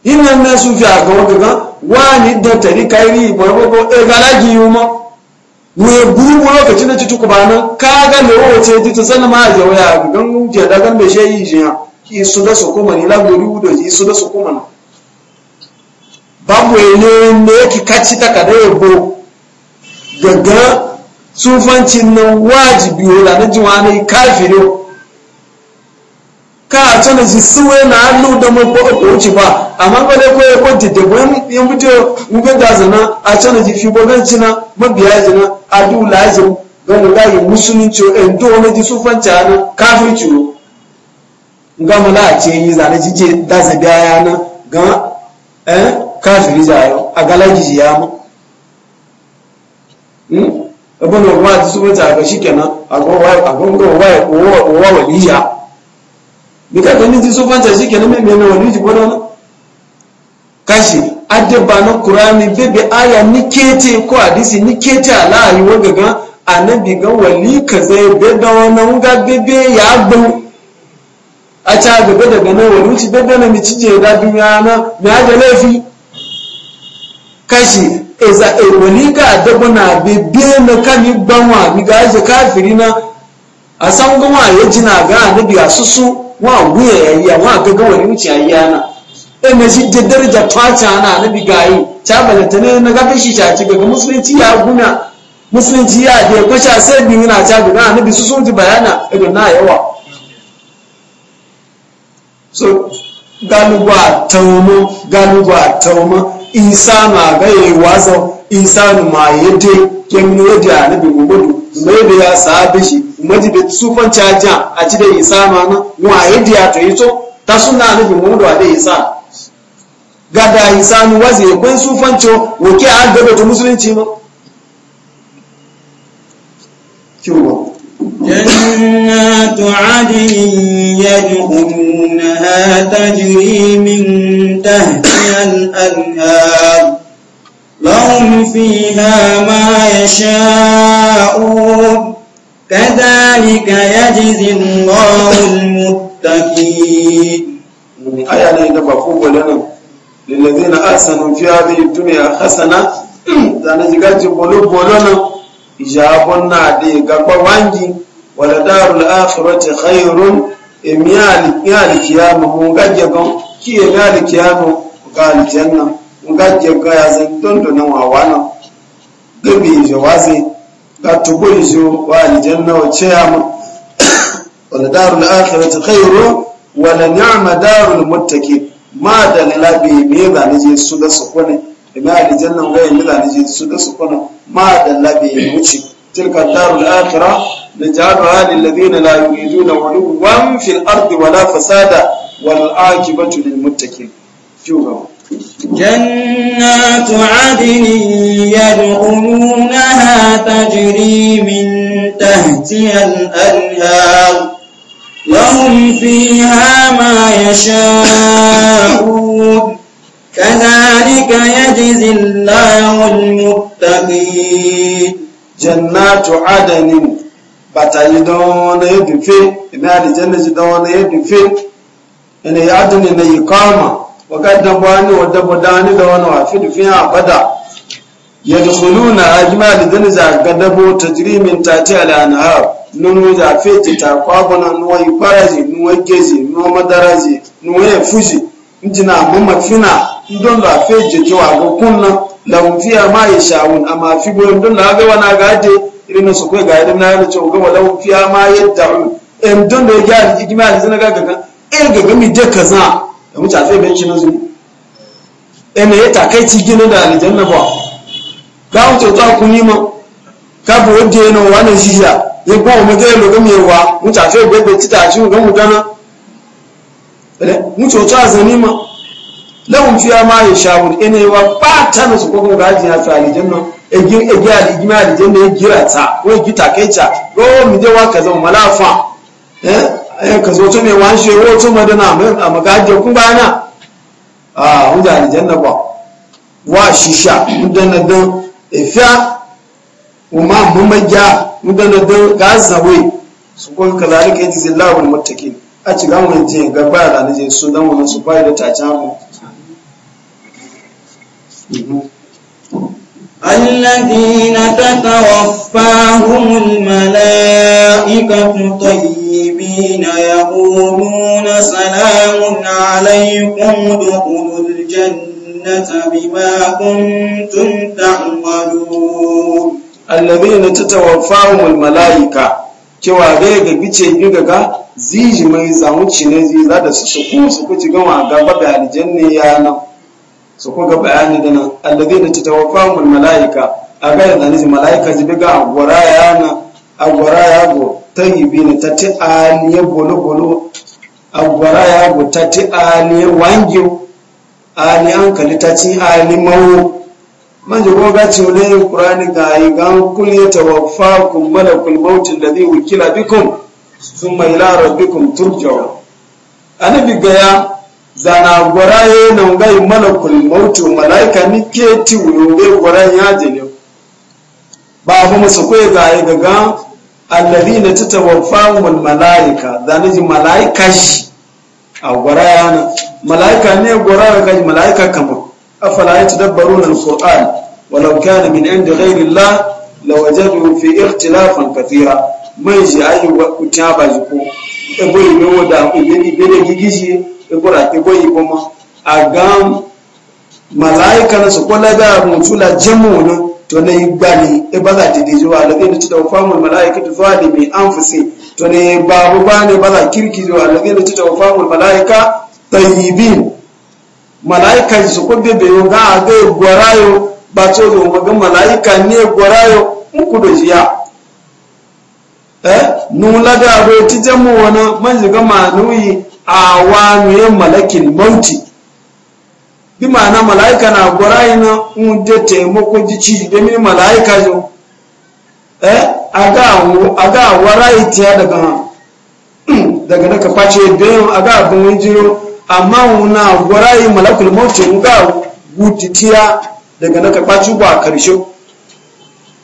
ga wa ga wani da tari kairi e buru ci kaga lewo ji je ga gangun ha. kí sódọ́ sọ̀kọ́mọ̀ ní lágbórí wúdọ̀ yìí sódọ́ sọ̀kọ́mọ̀ náà babu ne ne yake kaci takarda yabo daga tsufancin nan wajibi wula na jiwa ne kafirin ka a tana ji suwe na hannu da mako a kowace ba amma ba dai kwaye kwanci da wani yan mutu mugan da zana a tana ji fiboganci na mabiya jina a dula jin ganin gayin musulunci o ɗan to ji tsufanci hannu kafirci o gama la ce yi zane jije da zabi ya na ga eh kafiri zayo a galaji hmm? e ji ya mu hmm abun da kuma su mata ga shikenan a go wai a go go wai o wa waliya bi ka ganin ji so fanta shikenan me me na waliji bodan kashi adaba na kur'ani bebe aya ni nikete ko hadisi nikete ala yi wa gaga annabi ga wali kaza be da wannan ga bebe ya gbo a ca gaba daga nan wani wuce daga na mi cije da duniya na mi haja laifi kashi eza e wani ga dabo na bebe na kami gbanwa mi ga aje kafiri na a san goma ya ji na e ga anabi a susu wa wuya ya yi wa gaga wani wuce ya yi yana e na shi da daraja twaca na anabi ga yi ta balata ne na gafe shi ta ci daga musulunci ya guna musulunci ya da ya kwashe a sai bin yana ta guna anabi susu ji bayana irin na yawa so galubu ataumo galubu ataumo insanu agaye wazo insanu ma yi yede kemno yede anabi gugudu mai ya sahabi shi maji da sufan cajan a ci da isa ma na mu a yede ya to yito ta suna anabi gugudu a da isa gada isa nu wazi ya kwen sufan co wake a gaba ta musulunci ma kiwo جنات عدن يدخلونها لها تجري من تحتها الأنهار لهم فيها ما يشاءون كذلك يجزي الله المتقين آية لنا بفوق لنا للذين أحسنوا في هذه الدنيا حسنة zane jiga ci bolo bolo na ijabon na de gaba wangi wala darul akhirati khairun èmi àlìkíyàmù mo ga jẹgan kí èmi àlìkíyàmù ga àlìjẹ́nà mo ga jẹgan ẹsẹ̀ tóńtò ní wọn àwa náà gbèbè ìṣèwáṣe ga tógbó ìṣó wa àlìjẹ́nà ọ̀chẹ́ àmọ́ ọ̀lẹ́dàrú láàkìrẹ́ ti xeyìrò wàlẹ̀ ní àmàdàrú ni mo tẹ̀kì máa dàní lábẹ́ èmi ìgbàlejò sódà sọ́kọ́ni èmi àlìjẹ́nà mo ga èmi ìgbàlejò sódà sọ́kọ́ni máa تلك الدار الآخرة نجعلها للذين لا يريدون علوا في الأرض ولا فسادا والعاقبة للمتقين جنات عدن يدخلونها تجري من تحتها الأنهار لهم فيها ما يشاءون كذلك يجزي الله المتقين jannatu adanin batayi don wani ya dufe ina da ji don wani ya dufe ina ya adini na ikama wa ba ni wa dabba da wani wafi dufe a bada ya dukulu na hajima da alijanna za gadabo ta jiri min ta ce jirimin tati al'anahar nunu za ce ta kwabana nuwa yi ikwarazi nuwa gezi nuwa madarazi nuwa ya in fuji idon za don da ce jiwa ga kunna lahum fiha ma sha'un amma fi goyon don na gaba na gaje irin su kai ga yadda na da ce ga lahum fiha ma da'un in don da ya eh, da kima da zina ga ga in ga ga mi da kaza da mutafe ban shi nazo ene ya takaici gina da alijan na ba ga wuce ta kunima ka bu ya nawa na jiya ya gbo mu ga lo ga mi wa mutafe gbe gbe tita shi ga mu dana mutu ta zanima lahum fiha ma yashawun ene wa bata na su ko ga haji ya fi aljanna egi egi alijima aljanna ya e gira ta ko egi takeicha ko mi je wa kaza malafa eh eh kazo to me wan she wo to madana a magaje kun bana ah hunja aljanna ba wa shisha mudana dan e ifya umma mumaja mudana dan gazawe su ko kazalika a ci gamu je gaba da naje su dan su fa'ida ta الذين تتوفاهم الملائكة طيبين يقولون سلام عليكم ادخلوا الجنة بما كنتم تعملون الذين تتوفاهم الملائكة cewa zai ga bice biga ga ziji mai zamuci ne zai za da su su kuma su kuci gama gaba da aljanna ya nan su kuga bayani da nan alladhina tatawaffahumul malaika A aga yana ni malaika zibe ga agwara yana agwara ya go tayyibina tati aliye bolo bolo agwara ya go tati aliye wangyo hankali ankali tati ali mawo Man ko ga ci wani qur'ani ga yi ga kun ya tawaffakum malakul maut alladhi wukila bikum thumma ila rabbikum turja'un anabi ga gaya. zana gwaraye na ngai malakul mautu malaika ni keti wuyobe gwaran ya jele ba mu musu kwe ga yi gaga alladhina tatawaffahumul malaika zana ji malaika shi a gwaraya na malaika ne gwaraya ga malaika kama afala yatadabbaruna alquran walau kana min indi ghairi la lawajadu fi ikhtilafan kathira mai ji ayu wa utaba jiko ebo ibe woda ibe e ibe gigiji ikura ke goyi kuma a ga malaika na su kwala ga mutula jamu na to na igba ne e ba za ta dai zuwa alladhina tatawaffamu malaika da zuwa tu zalimi anfusi to ne babu ba ne ba za kirki zuwa lafi da alladhina tatawaffamu malaika tayyibin malaika su ko da yo ga ga gwarayo ba to da ga malaika ne gwarayo in ku da jiya eh nun laga bai ti jamu wana man jiga manuyi awamiyan malakin mauti bi ma'ana mala'ika na gwarayi na unde taimako jici domin mala'ika zo eh a ga warayi tiya daga <clears throat> daga na ka face biyan a ga abin wajiro amma na gwarayi malakul mauti in ga tiya daga na kafa face ba karshe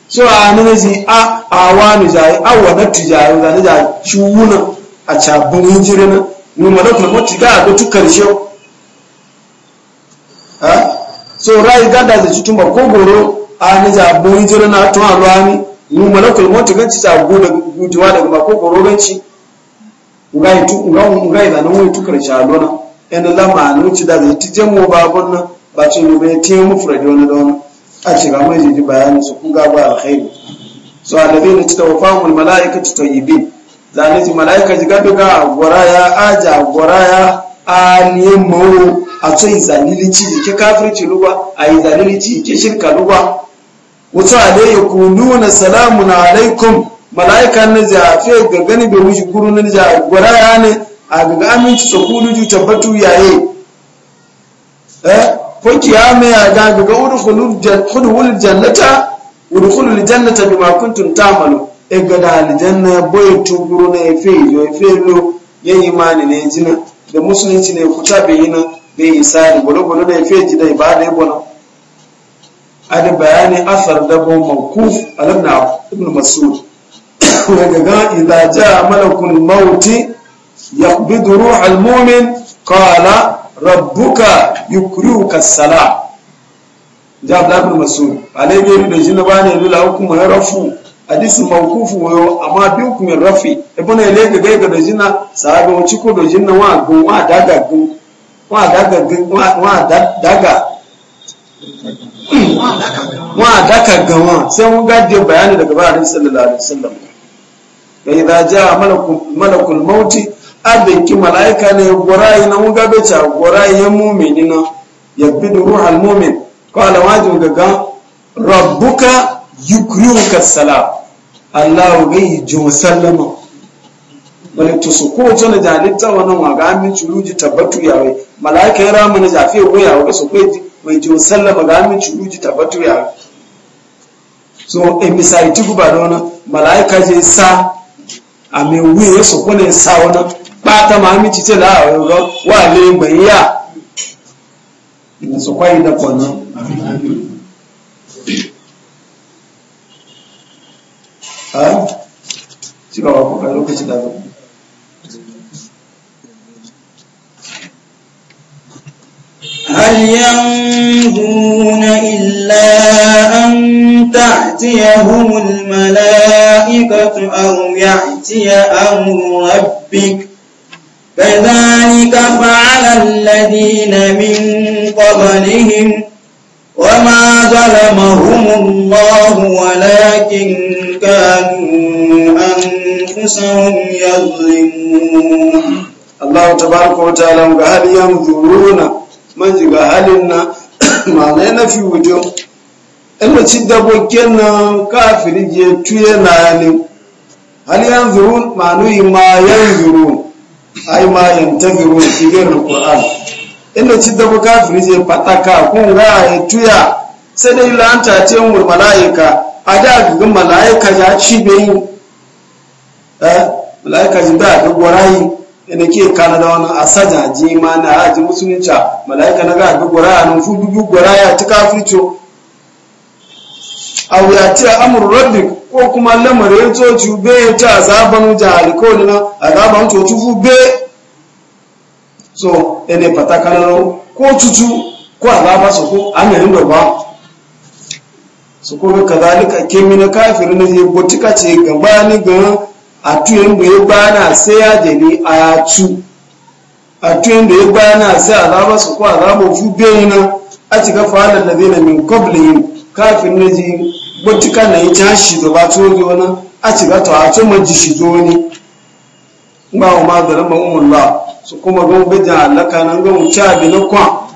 so a nan zai a awanu jayi awanatu jayi zane da ciwunan a cabin wajiro na mu malakul mauti ga ko tu karshe ha so rai ga da zai tuma ko goro a ni za bo hijira na to alwani mu malakul mauti ga ci za go da gujewa daga ba ko goro ganci ngai tu ngai yi da nan tu karshe alwana da lama ni ci da zai tije mu babon nan ba ce mu bai tiye mu furaje wani don a ce ga mai ji bayani su kun ga ba alkhairi so alladhina tatawafahumul malaikatu tayyibin zane ti malaika ji gado ga agwara ya aja gwara ya a niye mawo a to izanilici ke kafirci lugwa a yi izanilici ke shirka lugwa wasu alayyaku nuna salamun alaikun malaika na fiye ga gani bai wuce kuru na gwara ya ne eh, a gaga aminci su kudu ju tabbatu yaye kwanki ya mai a ga gaga udkhulul jannata udkhulul jannata bi makuntun tamalu egada aljanna boye tuguru na efe yo efe lo yayi mani ne jina da musulunci ne kuta be yina da isari bolo bolo da efe ji da ibada e, e bona ada bayani asar da bo mawquf alamna ibn mas'ud <coughs> daga ga idza jaa malakul mauti yaqbidu al mu'min qala rabbuka yukriuka as-salam jabla ibn mas'ud alayhi da jinna bani lula hukumu rafu hadisi mawkufu wayo amma bi hukumin rafi ibn ilayka ga ga dojina sahabi wa ciko jinna wa go wa daga gun wa daga gun wa daga wa daga wa sai mun ga da bayani daga hadisi sallallahu alaihi wasallam da idza jaa malakul malakul maut ki malaika ne gurai na mun ga gabe ta gurai ya mu'mini na yabidu ruhul mu'min qala wajin gaga rabbuka yukriuka salam allahu gai jo sallama wani to su ko to na jalita wannan wa ga min churuji tabbatu yawe malaika ya ramu na jafi ko yawe su ko mai jo sallama ga min churuji tabbatu yawe so e misali tuku ba da wani malaika je sa a me wuye su ko ne sa wannan pata ma mi tite la wa le gbe ya so kwai da kwanan هل ينظرون إلا أن تأتيهم الملائكة أو يأتي أمر ربك كذلك فعل الذين من قبلهم وما ظلمهم الله ولكن كانوا أنفسهم يظلمون الله تبارك وتعالى هل ينظرون من ذي هلنا na في وجوه ina ci dabo kenan kafiri je tuye na ne hal yanzurun manu ma yanzurun ai ma yantafiru fi ghairi alquran inda ci da zai firije fataka kun ga ya tuya sai dai lanta ce mu malaika a da gugin malaika ya ci bai eh malaika ji da ga gorayi inda ke kana da wani asaja ji ma na haji musulunci malaika na ga ga goraya nan fu dubu goraya ta fito aw ya ti amru rabbik ko kuma lamarin tsoci be ta azaban jahal ko na azaban to ci fu be so ene patakanaro ko tutu ko alaba su ko an yi da ba su ko ga kazalika ní mina kafir ce ga atuyen da ya bana sai ya jeli a tu atuyen da ya bana alaba alaba a ci gafa halar na kafin na je na yi can shi wani ma wa ma zaran ba su kuma gan gaja allaka nan gan wuce abin na kwa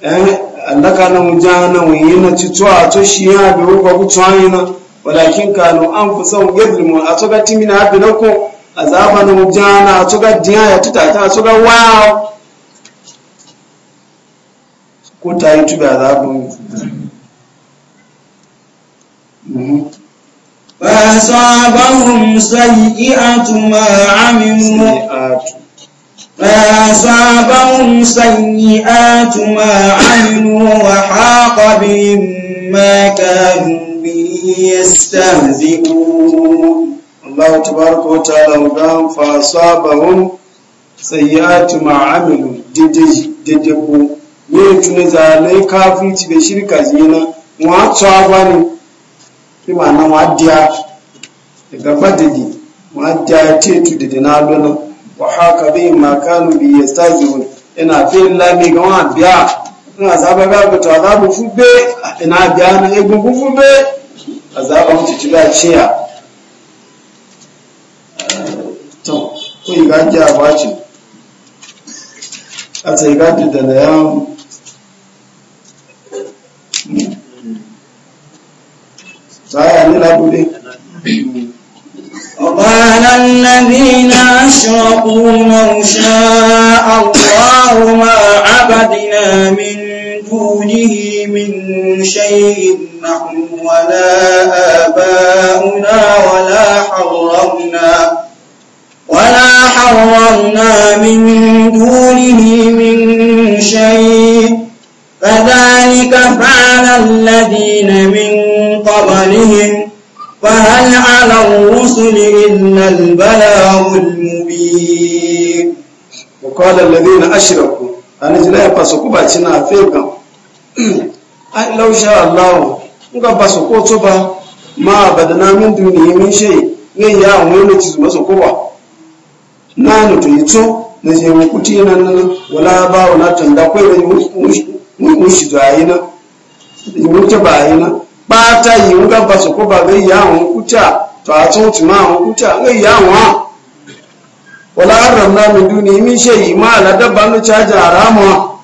eh allaka nan wuja na wuyi na ci tuwa a to shi ya bi wuka ku tuwa yi na walakin kano an fi son mu a to ga timina abi na ko zafa na wuja na a to ga diya ya tuta ta a to ga wow ko ta yi tuba mu. فأصابهم سيئات ما عملوا فأصابهم سيئات ما عملوا وحاق بهم ما كانوا به يستهزئون الله تبارك وتعالى وقام فأصابهم سيئات ما عملوا دجكوا يتنزل عليك في تبشير كزينا وعطوا kí màá na wọn á di a ìgbàgbá dèdè wọn á a tí ètò dèdè náà lọ́nà wàhá kàbí màkánù bí yẹ sáàzì wọn ẹnà àbí ńlá mi gan wọn wọn àzábá gbàgbọ́tọ̀ àzábò fún gbé ẹnà a وقال الذين أشرقوا لو شاء الله ما عبدنا من دونه من شيء نحن ولا آباؤنا ولا حرمنا ولا حرمنا من دونه من شيء فذلك فعل الذين من قبلهم فهل على الرسل إلا البلاغ المبين وقال الذين أشركوا أنا لا يبسوا كباتنا فيكم لو شاء الله nga كتبا ما بدنا من دونه من شيء duniyi min shay ne ya wani ci su ko ba na nutu yito na je mu kuti nan nan wala ba wala tanda kai da mu shi da yi na mu ta ba yi na ba ta yi mu ga ba su ko ba ga ya mu kuta to a tun tun ma mu kuta ga ya mu wala haramna min duni min shay ma la dabba mu caja harama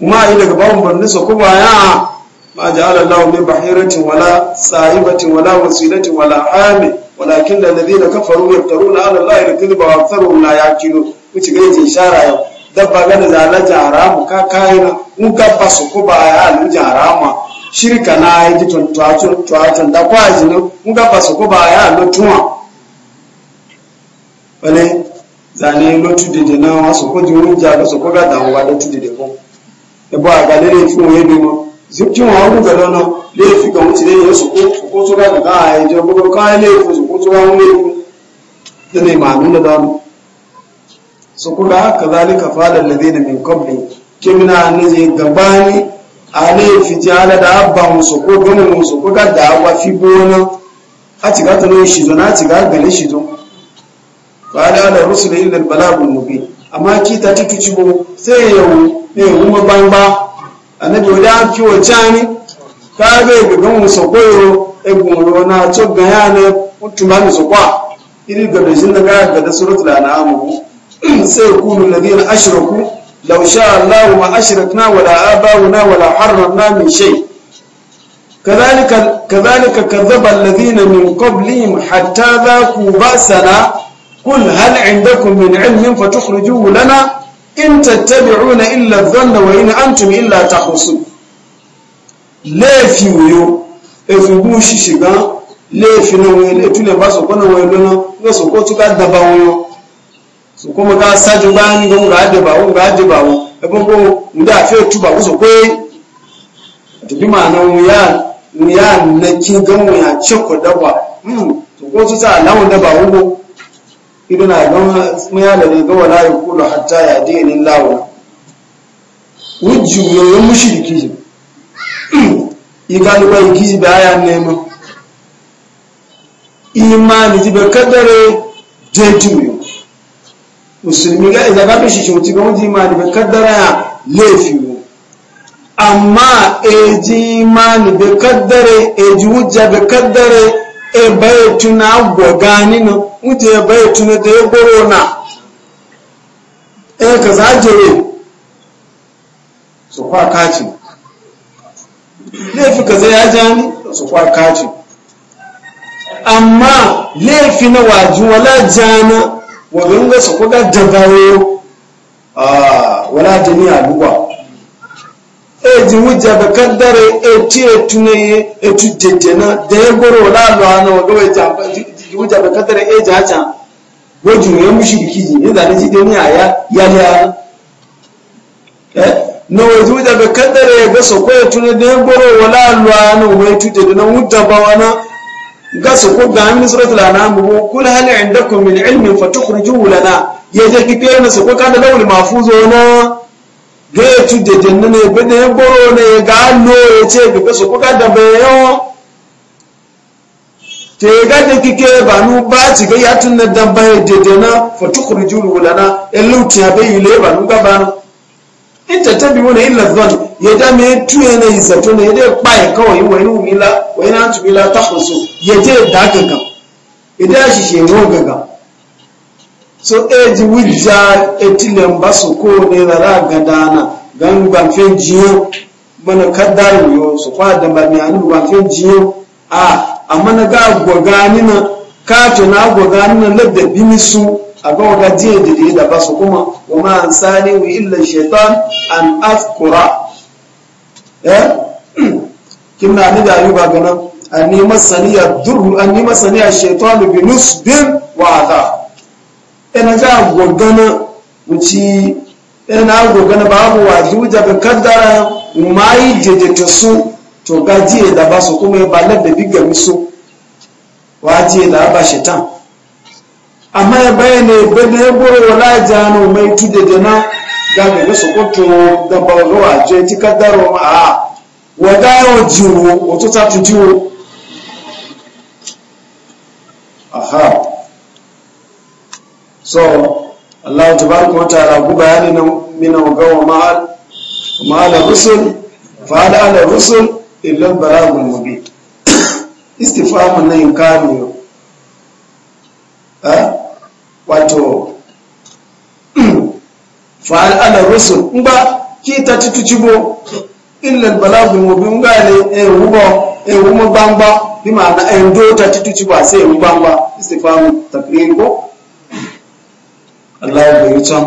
ma yi daga bawon banni su ko ba ya ma ja'ala Allahu min bahiratin wala sa'ibatin wala wasilatin wala amin walakin alladhina kafaru yaftaruna ala Allahi al-kadhiba wa aktharuhum la ishara yau dabba gani zalaji haramu ka kayina in gabba su kuba ya aluji harama shirka na ya ji tuwacin da kwa jini in gabba su kuba ya alutuwa wani zane lotu dede na wasu kwaji wujja da su kuga damuwa lotu dede ko ebo a gane ne fi bi su kuka kazalika fala alladhina min qabli kimina nije gabani ale fitala da abba musu ko gani musu kuka da abuwa fi bona a ci gata ne shi zona ci ga gani shi zo da ala da ilil balagun nufi amma ki ta tuci bo sai yau ne kuma bamba annabi da ki wacani ka ga ga musu koyo egun rona to ne yana ba musu kwa iri ga da jin daga ga da suratul an'am sai kunu ladina ashraku law sha Allah ma ashrakna wala abauna wala harramna min shay kadhalika kadhalika kadhaba alladhina min qablihim hatta dhaqu ba'sana qul hal 'indakum min 'ilmin fatukhrijuhu lana in tattabi'una illa dhanna wa in antum illa takhrusun lafi wuyo efugu shishigan lafi na wuyo etule ba so kona wuyo lona so kuma ga saju ba ni go ga de ba go ga de ba go e ko go nda fe tu ba go so pe bi ma mu ya mu ya na ki ga mu ya che ko da ba mm to go su sa na da ba go idan na ga mu ya da ga wala ya kula hatta ya de ni lawo wujju yo mushriki iga ni ba ikizi ba ya nema imani ti be kadare jeju yo musulmi ga idan ka shi shi ga wani imani bai kaddara ya laifi mu amma eji ji imani bai kaddare eji ji hujja bai kaddare e bai tuna gwagani na wuce ya bai tuna da ya goro na e ka zajere su kwa kaci laifi ka zai ya jani su kwa kaci amma laifi na waji wala jana waganga su kuga jabayo wala jami'a duwa e ji wujja ba kaddare e tiye tune e tujjete e, na da ya goro la lo ana waga wai ta ji wujja ba kaddare e ja ta wajin ya mushi biki ji ne da ne ji dani aya ya ya eh na waje wujja ba kaddare ga so ko tune da ya goro wala lo ana wai tujjete na wujja ba wana gasu ko ga min suratul anam bu kul hal indakum min ilmin fatukhrijuhu lana yaje kike na su ko kada lawul mafuzo na ga tu de den ne be ne boro ne ga lo ya ce be su ko kada be yo te ga de kike ba nu ba ci ga ya tun da ba de de na fatukhrijuhu lana illu ta be ile ba nu ga ba tabi tatabiuna illa dhann yẹjá mi tu yẹn na ìṣẹ̀tún na yẹjá pa ẹ̀kọ́ wọ̀nyí wọ̀nyí wù mí la wọ̀nyí náà tù mí la tàkóso yẹjá ẹ̀dá gàgà yẹjá àṣìṣe ìwọ̀n gàgà so eji wujja ba su ko ne na ra gadana gangan fen jiyo mana kadda yi su kwa da ba mi anu ba fen jiyo a amma na ga gwagani na ka to na gwagani na labda bimisu a ga waga jiya da ba su kuma wa ma ansani illa shaitan an afkura Eh? <clears throat> kin na ni da ayuba gana a anni masaniya durhu a masaniya shaytanu bi nusbin bin adha ina ga gogana wuci ina gogana babu wajuja bi kaddara ma mai jejeto su to gajiye da ba su kuma ba labbe bigami su Wa wajiye da ba shaitan amma ya bayyana bane goro wala jano mai tudde da na gaga ga sokoto da balo aje ti kadaro ma a wada yo jiwo oto ta tu jiwo aha so Allah o wa ta'ala ku bayani na mina wa gawa rusul fa ala ala rusul <coughs> istifamu na wato fa'al ala in ngba ki ta tutu cibo illa balagun mubin n gane wubo e wumo bamba bi ma na ndo ta tutu cibo sai wumo bamba istifamu takrir ko Allah yi can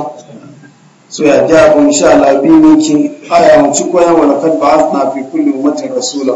so ya ja ko insha labi bi ne ki aya mu wani koyan ba a na fi kulli ummatin rasula